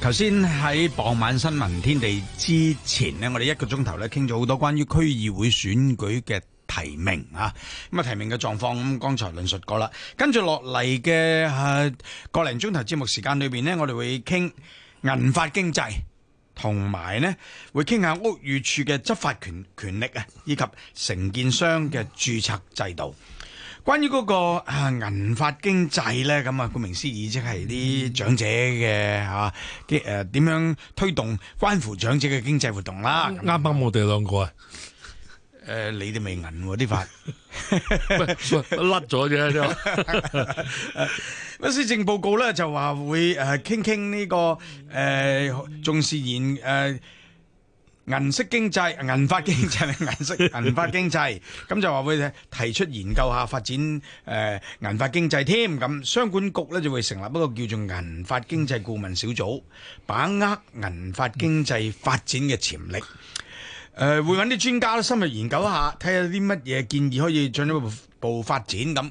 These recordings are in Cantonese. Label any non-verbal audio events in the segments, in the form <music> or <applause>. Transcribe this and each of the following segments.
頭先喺傍晚新聞天地之前咧，我哋一個鐘頭咧傾咗好多關於區議會選舉嘅提名啊。咁啊，提名嘅狀況咁，剛才論述過啦。跟住落嚟嘅誒個零鐘頭節目時間裏邊咧，我哋會傾銀髮經濟，同埋咧會傾下屋宇署嘅執法權權力啊，以及承建商嘅注冊制度。關於嗰個啊銀髮經濟咧，咁啊，顧名思義即係啲長者嘅嚇嘅誒點樣推動關乎長者嘅經濟活動啦。啱啱我哋兩個啊，誒、呃、你哋未銀喎啲髮，甩咗啫。誒， <laughs> 施 <laughs> <laughs> 政報告咧就話會誒傾傾呢個誒、呃、重視延誒。呃銀色經濟、銀髮經濟、銀色銀髮經濟，咁 <laughs> 就話會提出研究下發展誒銀髮經濟添。咁商管局呢，就會成立一個叫做銀髮經濟顧問小組，把握銀髮經濟發展嘅潛力。誒、呃，會揾啲專家深入研究一下，睇下啲乜嘢建議可以進一步。步發展咁，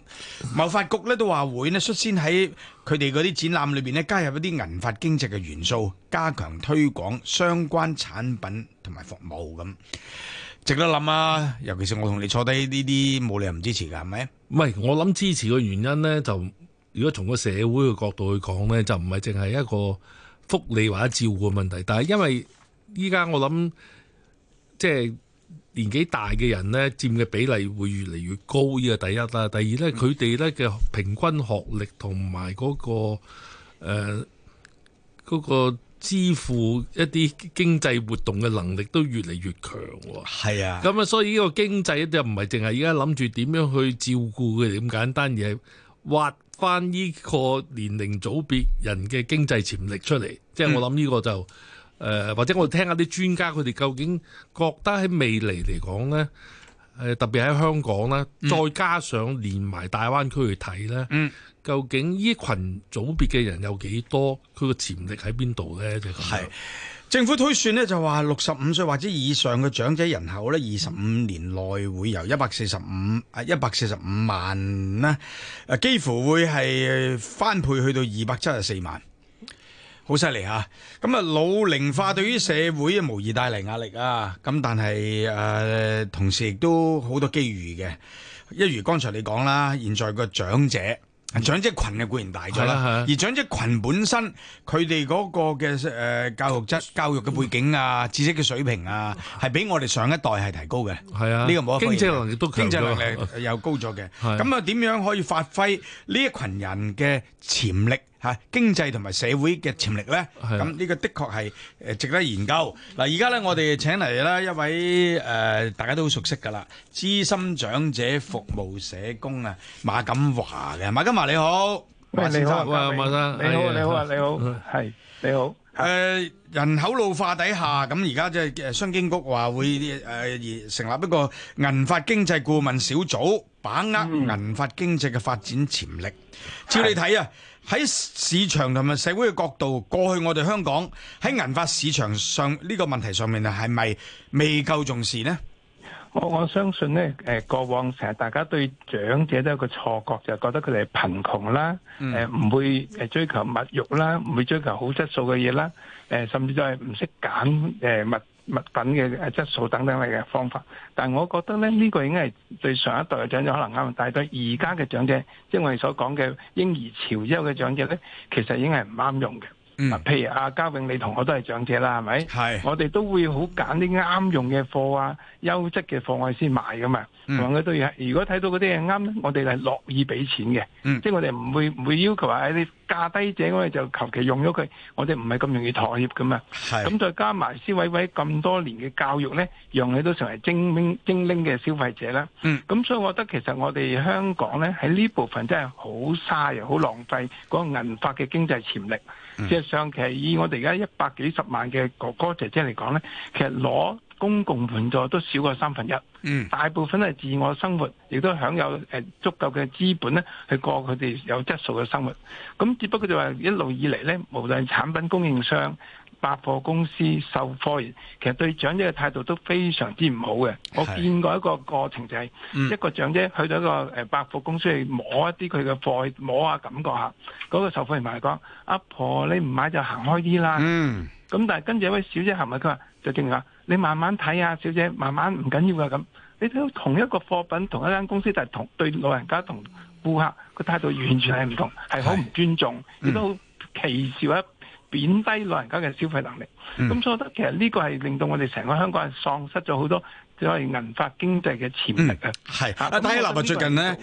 貿發局咧，都話會咧，率先喺佢哋嗰啲展覽裏邊咧，加入一啲銀髮經濟嘅元素，加強推廣相關產品同埋服務咁，值得諗啊！尤其是我同你坐低呢啲冇理由唔支持噶，係咪？唔係，我諗支持嘅原因呢，就如果從個社會嘅角度去講呢，就唔係淨係一個福利或者照顧嘅問題，但係因為依家我諗即係。就是年紀大嘅人咧，佔嘅比例會越嚟越高，呢個第一啦。第二咧，佢哋咧嘅平均學歷同埋嗰個誒，呃嗰個支付一啲經濟活動嘅能力都越嚟越強。係啊。咁啊，所以呢個經濟一啲唔係淨係而家諗住點樣去照顧佢哋咁簡單，而係挖翻呢個年齡組別人嘅經濟潛力出嚟。即係、嗯、我諗呢個就。誒、呃、或者我哋聽下啲專家佢哋究竟覺得喺未來嚟講咧，誒特別喺香港咧，再加上連埋大灣區去睇咧，嗯、究竟呢群組別嘅人有幾多？佢個潛力喺邊度咧？就咁樣、係、政府推算咧，就話六十五歲或者以上嘅長者人口咧，二十五年內會由一百四十五啊一百四十五萬咧，誒幾乎會係翻倍去到二百七十四萬。好犀利啊！咁啊，老齡化對於社會啊無疑帶嚟壓力啊。咁但係誒、呃，同時亦都好多機遇嘅。一如剛才你講啦，現在個長者、嗯、長者群啊固然大咗啦，嗯、而長者群本身佢哋嗰個嘅誒教育質、教育嘅背景啊、知識嘅水平啊，係比我哋上一代係提高嘅。係啊、嗯，呢個冇得。經濟能力都強啦，經濟能力又高咗嘅。咁啊、嗯，點樣可以發揮呢一羣人嘅潛力？啊，經濟同埋社會嘅潛力咧，咁呢個的確係誒值得研究。嗱，而家咧，我哋請嚟咧一位誒大家都好熟悉噶啦，資深長者服務社工啊，馬錦華嘅。馬錦華，你好，馬先生，你好，你好，你好，你好，嗯，係你好。誒，人口老化底下，咁而家即係誒商經局話會誒成立一個銀髮經濟顧問小組，把握銀髮經濟嘅發展潛力。照你睇啊，喺市場同埋社會嘅角度，過去我哋香港喺銀髮市場上呢個問題上面啊，係咪未夠重視呢？我我相信咧，誒過往成日大家對長者都有個錯覺，就覺得佢哋貧窮啦，誒唔會誒追求物欲啦，唔會追求好質素嘅嘢啦，誒甚至就係唔識揀誒物。物品嘅誒質素等等嘅方法，但係我覺得咧，呢個已經係對上一代嘅長者可能啱，但係對而家嘅長者，即係我哋所講嘅嬰兒潮之後嘅長者咧，其實已經係唔啱用嘅。嗯，譬如阿嘉永，你同學都係長者啦，係咪係是。我哋都會好揀啲啱用嘅貨啊，優質嘅貨我先買噶嘛。嗯。我哋都要，如果睇到嗰啲嘢啱咧，我哋係樂意俾錢嘅。嗯、即係我哋唔會唔會要求話誒你。價低者我咪就求其用咗佢，我哋唔係咁容易妥協噶嘛。咁是再加埋消委會咁多年嘅教育咧，讓佢都成為精靈精靈嘅消費者啦。咁、嗯、所以我覺得其實我哋香港咧喺呢部分真係好嘥又好浪費嗰個銀髮嘅經濟潛力。嗯、即係上，期以我哋而家一百幾十萬嘅哥哥姐姐嚟講咧，其實攞。公共援助都少過三分一，嗯、大部分都係自我生活，亦都享有誒足夠嘅資本咧，去過佢哋有質素嘅生活。咁只不過就話一路以嚟咧，無論產品供應商、百貨公司、售貨員，其實對長者嘅態度都非常之唔好嘅。是我見過一個過程就係一個長者去到一個誒百貨公司去摸一啲佢嘅貨，摸下感覺下。嗰、那個售貨員同佢講：阿婆，你唔買就行開啲啦。咁、嗯、但係跟住一位小姐行埋，佢話就點啊？你慢慢睇啊，小姐，慢慢唔緊要啊。咁，你睇到同一個貨品，同一間公司，但係同對老人家同顧客個態度完全係唔同，係好唔尊重，亦都好歧視啊、或者貶低老人家嘅消費能力。咁、嗯、所以我覺得其實呢個係令到我哋成個香港人喪失咗好多，即係銀髮經濟嘅潛力啊。係啊、嗯，第一樓啊，最近咧，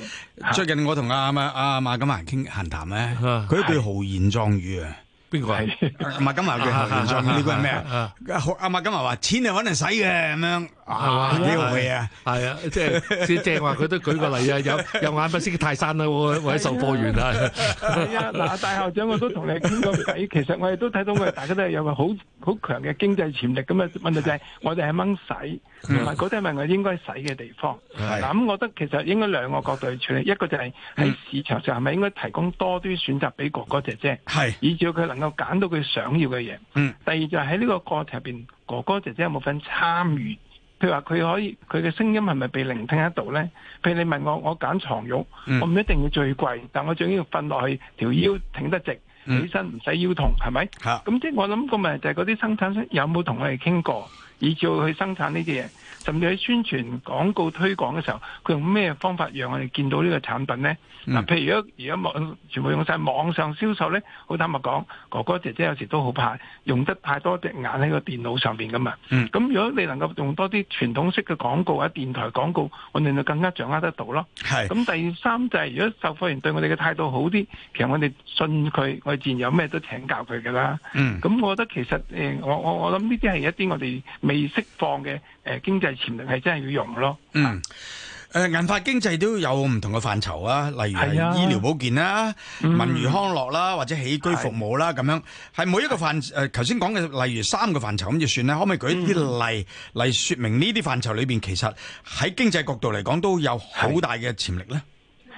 最近我同阿阿馬錦華傾閒談咧，佢一句豪言壯語啊。邊個係？阿馬錦華嘅形象，呢個係咩啊？阿阿馬錦華話、 <laughs> 啊：錢係搵嚟使嘅，咁樣。係嘛，呢樣嘢啊？係啊，即係先正話佢都舉個例啊，有有眼不識泰山啦，位位售貨員啊！嗱，大校長，我都同你傾過偈，其實我哋都睇到，佢大家都係有個好好強嘅經濟潛力咁啊。問題就係我哋係掹使，同埋嗰啲係咪我應該使嘅地方？嗱，咁我覺得其實應該兩個角度去處理，一個就係喺市場上係咪應該提供多啲選擇俾哥哥姐姐，係，以至佢能夠揀到佢想要嘅嘢。嗯。第二就係喺呢個過程入邊，哥哥姐姐有冇份參與？佢話佢可以，佢嘅聲音係咪被聆聽得到咧？譬如你問我，我揀床褥，我唔一定要最貴，但我仲要瞓落去條腰挺得直，起身唔使腰痛，係咪？咁即係我諗個咪就係嗰啲生產商有冇同我哋傾過，以至去生產呢啲嘢？甚至喺宣傳、廣告、推廣嘅時候，佢用咩方法讓我哋見到呢個產品咧？嗱、嗯，譬如如果而家網全部用晒網上銷售咧，好坦白講，哥哥姐姐有時都好怕用得太多隻眼喺個電腦上邊噶嘛。咁、嗯、如果你能夠用多啲傳統式嘅廣告或者電台廣告，我哋就更加掌握得到咯。咁是第三就係、是、如果售貨員對我哋嘅態度好啲，其實我哋信佢，我哋自然有咩都請教佢噶啦。咁、嗯、我覺得其實誒、呃，我我我諗呢啲係一啲我哋未釋放嘅。誒，經濟潛力係真係要用咯。嗯，誒、呃，銀髮經濟都有唔同嘅範疇啊，例如係醫療保健啦、啊、文娛、嗯、康樂啦、啊，或者起居服務啦、啊，咁是樣係每一個範，誒，頭先講嘅例如三個範疇咁就算啦。可唔可以舉一啲例嚟，、嗯、說明呢啲範疇裏邊其實喺經濟角度嚟講都有好大嘅潛力咧？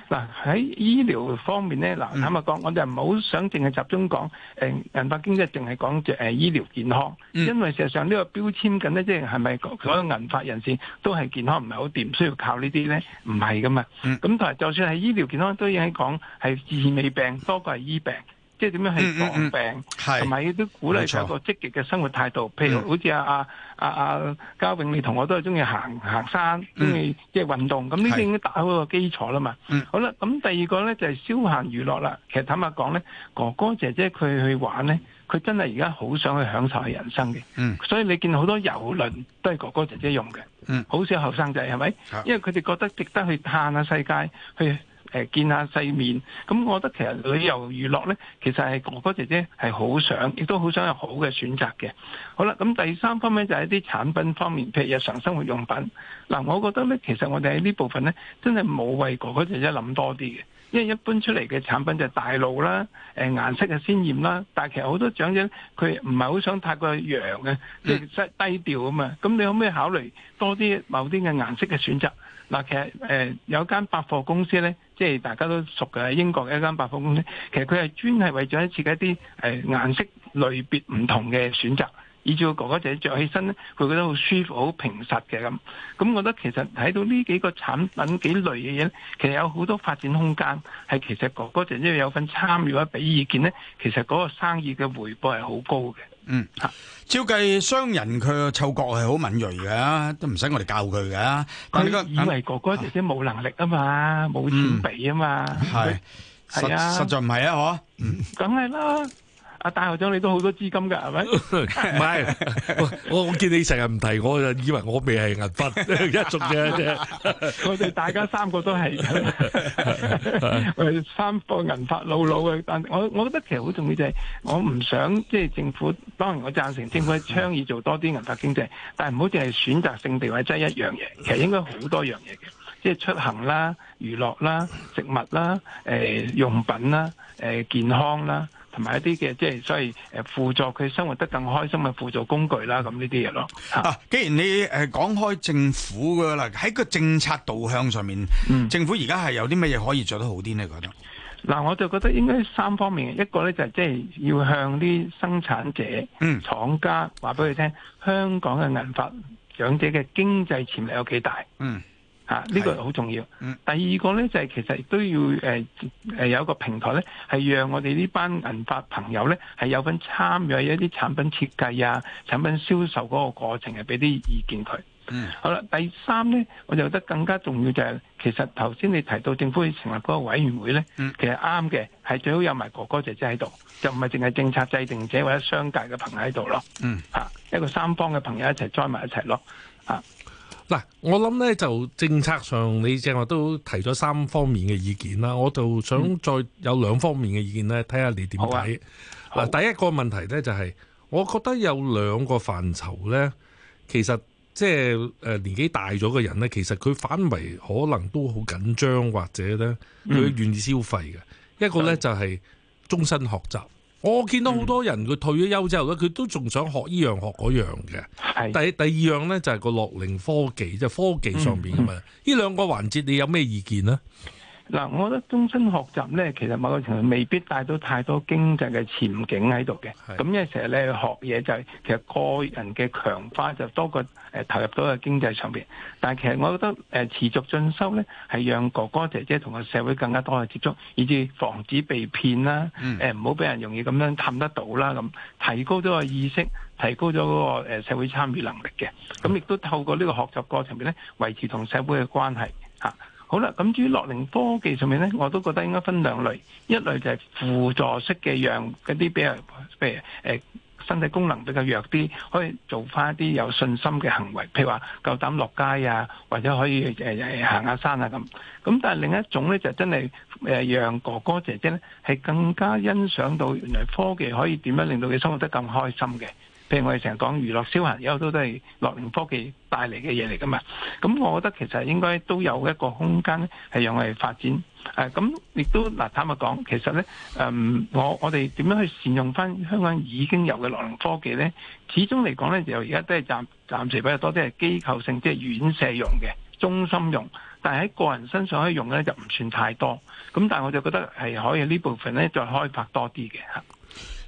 嗱，喺醫療方面咧，嗱坦白講，我哋唔好想淨係集中講，誒、呃、銀髮經濟淨係講隻誒醫療健康，嗯、因為事實上呢個標籤緊咧，即係係咪所有銀髮人士都係健康唔係好掂，需要靠呢啲咧？唔係㗎嘛，咁但係就算係醫療健康，都應講係治未病多過係醫病。即係點樣去防病，同埋亦都鼓勵一個積極嘅生活態度。譬如好似阿阿阿阿交永，你同我都係中意行行山，中意即係運動。咁呢啲已經打好個基礎啦嘛。嗯、好啦，咁第二個咧就係、是、消閒娛樂啦。其實坦白講咧，哥哥姐姐佢去玩咧，佢真係而家好想去享受下人生嘅。嗯、所以你見好多遊輪都係哥哥姐姐用嘅，好、嗯、少後生仔係咪？因為佢哋覺得值得去探下世界去。誒見下世面，咁我覺得其實旅遊娛樂咧，其實係哥哥姐姐係好想，亦都好想有好嘅選擇嘅。好啦，咁第三方面就係啲產品方面，譬如日常生活用品。嗱，我覺得咧，其實我哋喺呢部分咧，真係冇為哥哥姐姐諗多啲嘅，因為一般出嚟嘅產品就係大路啦，誒、呃、顏色嘅鮮豔啦，但係其實好多長者佢唔係好想太過陽嘅，即係低調吖嘛。咁你可唔可以考慮多啲某啲嘅顏色嘅選擇？嗱，其實誒、呃、有間百貨公司咧，即係大家都熟嘅英國嘅一間百貨公司。其實佢係專係為咗設計一啲誒、呃、顏色類別唔同嘅選擇，以至個哥哥仔着起身咧，佢覺得好舒服、好平實嘅咁。咁我覺得其實睇到呢幾個產品幾類嘅嘢，其實有好多發展空間。係其實哥哥仔因為有份參與或者俾意見咧，其實嗰個生意嘅回報係好高嘅。嗯，照計商人佢嘅嗅覺係好敏銳嘅，都唔使我哋教佢㗎。但係你以為哥哥姐姐冇能力啊嘛，冇錢畀啊嘛？係係啊，實在唔係啊，嗬，嗯，梗係啦。阿大學長，你都好多資金㗎，係咪？唔係， <laughs> 我我見你成日唔提我，我就以為我未係銀發 <laughs> 一族啫而。 <laughs> <laughs> 我哋大家三個都係，誒 <laughs> 三個銀發老老嘅。但我我覺得其實好重要就係，我唔想即係、就是、政府。當然我贊成政府倡議做多啲銀發經濟，但係唔好淨係選擇性地話擠、就是、一樣嘢。其實應該好多樣嘢嘅，即、就、係、是、出行啦、娛樂啦、食物啦、誒、呃、用品啦、誒、呃、健康啦。同埋一啲嘅即係所謂誒輔助佢生活得更開心嘅輔助工具啦，咁呢啲嘢咯。啊，既然你誒講開政府嘅啦，喺個政策導向上面，嗯、政府而家係有啲乜嘢可以做得好啲呢？覺得嗱，我就覺得應該三方面嘅，一個咧就係即係要向啲生產者、嗯廠家話俾佢聽，香港嘅銀髮長者嘅經濟潛力有幾大，嗯。啊！呢、這個好重要。第二個咧就係、是、其實亦都要誒誒、呃呃、有一個平台咧，係讓我哋呢班銀髮朋友咧係有份參與一啲產品設計啊、產品銷售嗰個過程，係俾啲意見佢。嗯。好啦，第三咧，我就覺得更加重要就係，其實頭先你提到政府成立嗰個委員會咧，其實啱嘅，係最好有埋哥哥姐姐喺度，就唔係淨係政策制定者或者商界嘅朋友喺度咯。嗯。吓、啊，一個三方嘅朋友一齊 join 埋一齊咯。吓、啊。嗱，我諗咧就政策上，你正話都提咗三方面嘅意見啦。嗯、我就想再有兩方面嘅意見咧，睇下你點睇嗱。啊、第一個問題咧就係、是，我覺得有兩個範疇咧，其實即係誒年紀大咗嘅人咧，其實佢反為可能都好緊張，或者咧佢願意消費嘅、嗯、一個咧對就係終身學習。我見到好多人佢退咗休之後咧，佢都仲想學呢樣學嗰樣嘅。是第第二樣咧就係、是、個樂齡科技，即、就、係、是、科技上面嘅嘛。呢兩、嗯嗯、個環節，你有咩意見咧？嗱，我覺得終身學習咧，其實某個程度未必帶到太多經濟嘅前景喺度嘅。咁的因為成日你去學嘢就係、是、其實個人嘅強化就多過誒投入到嘅經濟上邊。但係其實我覺得誒持續進修咧係讓哥哥姐姐同個社會更加多嘅接觸，以至防止被騙啦，誒唔好俾人容易咁樣探得到啦咁，提高咗個意識，提高咗嗰個誒社會參與能力嘅。咁亦、嗯、都透過呢個學習過程入邊咧，維持同社會嘅關係嚇。好啦，咁至於樂齡科技上面咧，我都覺得應該分兩類，一類就係輔助式嘅，讓嗰啲比較譬如誒身體功能比較弱啲，可以做翻一啲有信心嘅行為，譬如話夠膽落街啊，或者可以誒行下山啊咁。咁但係另一種咧就真係誒，讓哥哥姐姐咧係更加欣賞到原來科技可以點樣令到佢生活得咁開心嘅。譬如我哋成日講娛樂消閒，有好多都係樂齡科技帶嚟嘅嘢嚟噶嘛，咁我覺得其實應該都有一個空間係讓我哋發展，誒咁亦都嗱、呃，坦白講，其實咧，誒、呃、我我哋點樣去善用翻香港已經有嘅樂齡科技咧，始終嚟講咧，就而家都係暫暫時比較多啲係機構性即係院舍用嘅中心用，但係喺個人身上可以用咧就唔算太多，咁但係我就覺得係可以呢部分咧再開發多啲嘅吓。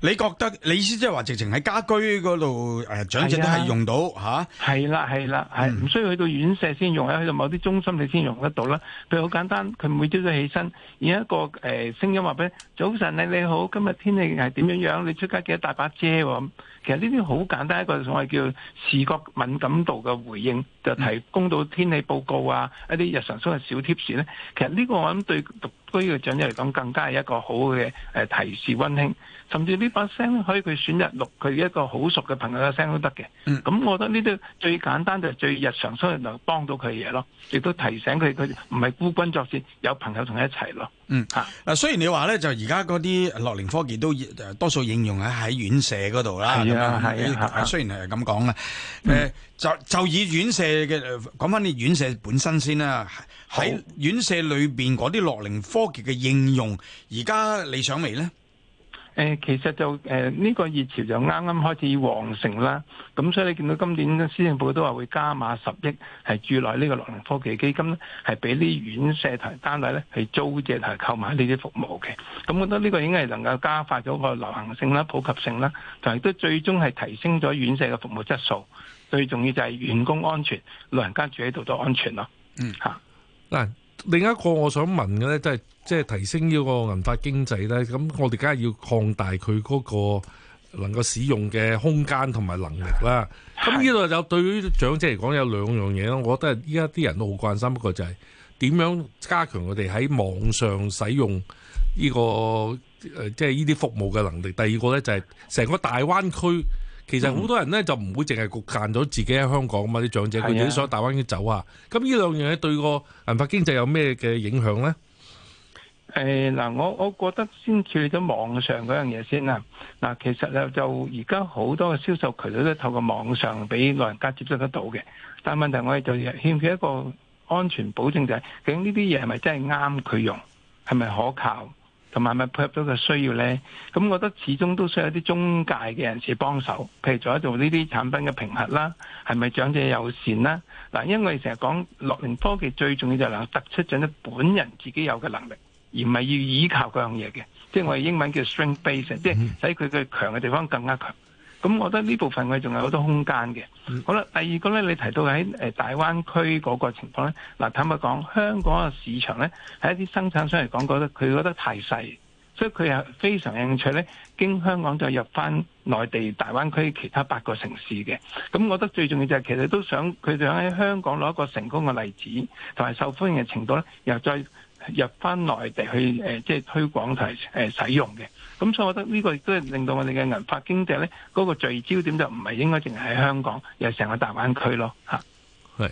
你覺得你意思即係話直情喺家居嗰度，誒，長者都係用到吓？係啦係啦，係唔、啊啊啊啊，需要去到院舍先用，喺、嗯、去到某啲中心你先用得到啦。譬如好簡單，佢每朝早起身，演一個誒聲、呃、音話俾你：早晨你你好，今日天，天氣係點樣樣？嗯、你出街幾得大把遮喎咁。其實呢啲好簡單一個所謂叫視覺敏感度嘅回應，就提供到天氣報告啊，一啲日常所謂小貼士咧。其實呢個我諗對獨居嘅長者嚟講，更加係一個好嘅誒提示溫馨，甚至、這個呢把聲可以佢選擇錄佢一個好熟嘅朋友嘅聲都得嘅，咁、嗯、我覺得呢啲最簡單就係最日常，所以能幫到佢嘅嘢咯，亦都提醒佢佢唔係孤軍作戰，有朋友同佢一齊咯。嗯啊，嗱雖然你話咧就而家嗰啲樂齡科技都、呃、多數應用喺喺院舍嗰度啦，係啊係啊，雖然係咁講啦，誒、嗯嗯、就就以院舍嘅講翻啲院舍本身先啦，喺好院舍裏邊嗰啲樂齡科技嘅應用，而家你想未咧？好誒其實就誒呢、呃這個熱潮就啱啱開始旺盛啦，咁所以你見到今年呢，施政報告都話會加碼十億係注落呢個樂齡科技基金咧，係俾啲院舍同單位咧係租借同埋購買呢啲服務嘅。咁我覺得呢個應該係能夠加快咗個流行性啦、普及性啦，同埋都最終係提升咗院舍嘅服務質素。最重要就係員工安全，老人家住喺度都安全咯。嗯，嚇是，嗱、嗯。另一個我想問嘅呢、就是，即係即係提升呢個銀發經濟呢。咁我哋梗係要擴大佢嗰個能夠使用嘅空間同埋能力啦。咁呢度就對於長者嚟講有兩樣嘢咯，我覺得依家啲人都好關心，不過就係點樣加強我哋喺網上使用呢、這個即係呢啲服務嘅能力。第二個呢，就係成個大灣區。其實好多人咧、嗯、就唔會淨係局限咗自己喺香港嘛，啲長者佢哋都想大灣區走啊。咁呢兩樣嘢對個銀髮經濟有咩嘅影響咧？誒、呃，嗱，我我覺得先處理咗網上嗰樣嘢先啦。嗱，其實呢就就而家好多嘅銷售渠道都透過網上俾老人家接觸得到嘅，但係問題我哋就欠缺一個安全保證，就係究竟呢啲嘢係咪真係啱佢用，係咪可靠？同埋咪配合到嘅需要咧，咁我覺得始終都需要啲中介嘅人士幫手，譬如做一做呢啲產品嘅評核啦，係咪長者友善啦？嗱，因為我哋成日講樂齡科技最重要就係能夠突出盡到本人自己有嘅能力，而唔係要依靠嗰樣嘢嘅，即係我哋英文叫 strength based，即係使佢嘅強嘅地方更加強。咁，我覺得呢部分佢仲有好多空間嘅。好啦，第二個咧，你提到喺誒、呃、大灣區嗰個情況咧，嗱、呃，坦白講，香港嘅市場咧，喺一啲生產商嚟講，覺得佢覺得太細，所以佢又非常興趣咧，經香港再入翻內地大灣區其他八個城市嘅。咁、嗯，我覺得最重要就係其實都想佢哋想喺香港攞一個成功嘅例子同埋受歡迎嘅程度咧，又再入翻內地去誒、呃，即係推廣同誒、呃、使用嘅。咁、嗯、所以，我覺得呢個亦都係令到我哋嘅銀髮經濟咧，嗰、那個聚焦點就唔係應該淨係喺香港，而係成個大灣區咯嚇。係，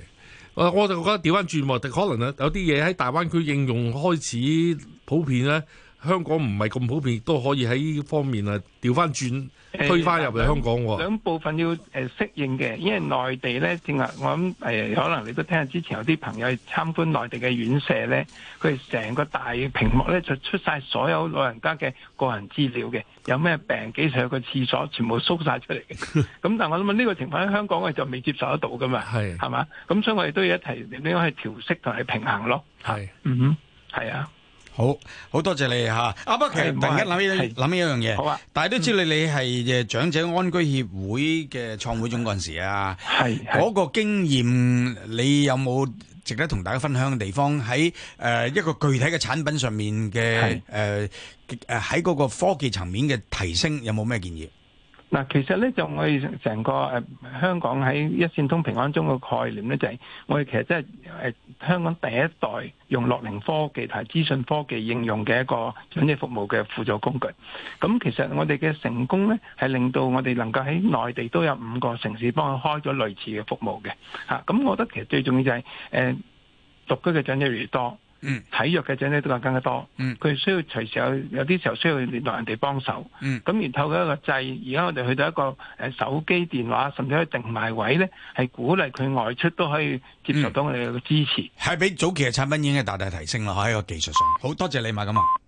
我我就覺得調返轉喎，可能啊有啲嘢喺大灣區應用開始普遍咧。香港唔係咁普遍，都可以喺呢方面啊調翻轉，推翻入嚟香港喎、哎嗯。兩部分要誒、呃、適應嘅，因為內地咧，正話我諗誒、哎，可能你都聽之前有啲朋友去參觀內地嘅院舍咧，佢成個大屏幕咧就出晒所有老人家嘅個人資料嘅，有咩病，幾時有個廁所，全部縮晒出嚟嘅。咁 <laughs> 但係我想問呢個情況喺香港我哋就未接受得到㗎嘛？係係嘛？咁所以我哋都要一齊點樣去調適同去平衡咯。係嗯哼，係啊。好好多謝你吓，阿伯、啊，突然間諗起諗是起一樣嘢，是但係都知道你你係誒長者安居協會嘅創會總幹事啊，係嗰個經驗，你有冇值得同大家分享嘅地方？喺誒、呃、一個具體嘅產品上面嘅誒誒喺嗰個科技層面嘅提升，有冇咩建議？嗱，其實咧就我哋成個誒、呃、香港喺一線通平安鐘個概念咧，就係、是、我哋其實真係誒香港第一代用樂齡科技同埋資訊科技應用嘅一個長者服務嘅輔助工具。咁、嗯、其實我哋嘅成功咧，係令到我哋能夠喺內地都有五個城市幫佢開咗類似嘅服務嘅吓，咁、啊嗯、我覺得其實最重要就係、是、誒、呃、獨居嘅長者越多。嗯、體育嘅者咧都係更加多，佢、嗯、需要隨時有有啲時候需要聯絡人哋幫手，咁、嗯、然後嘅一個掣，而家我哋去到一個誒手機電話，甚至可以定埋位咧，係鼓勵佢外出都可以接受到我哋嘅支持，係、嗯、比早期嘅產品已經係大大提升啦喺個技術上。好多謝你嘛，咁啊！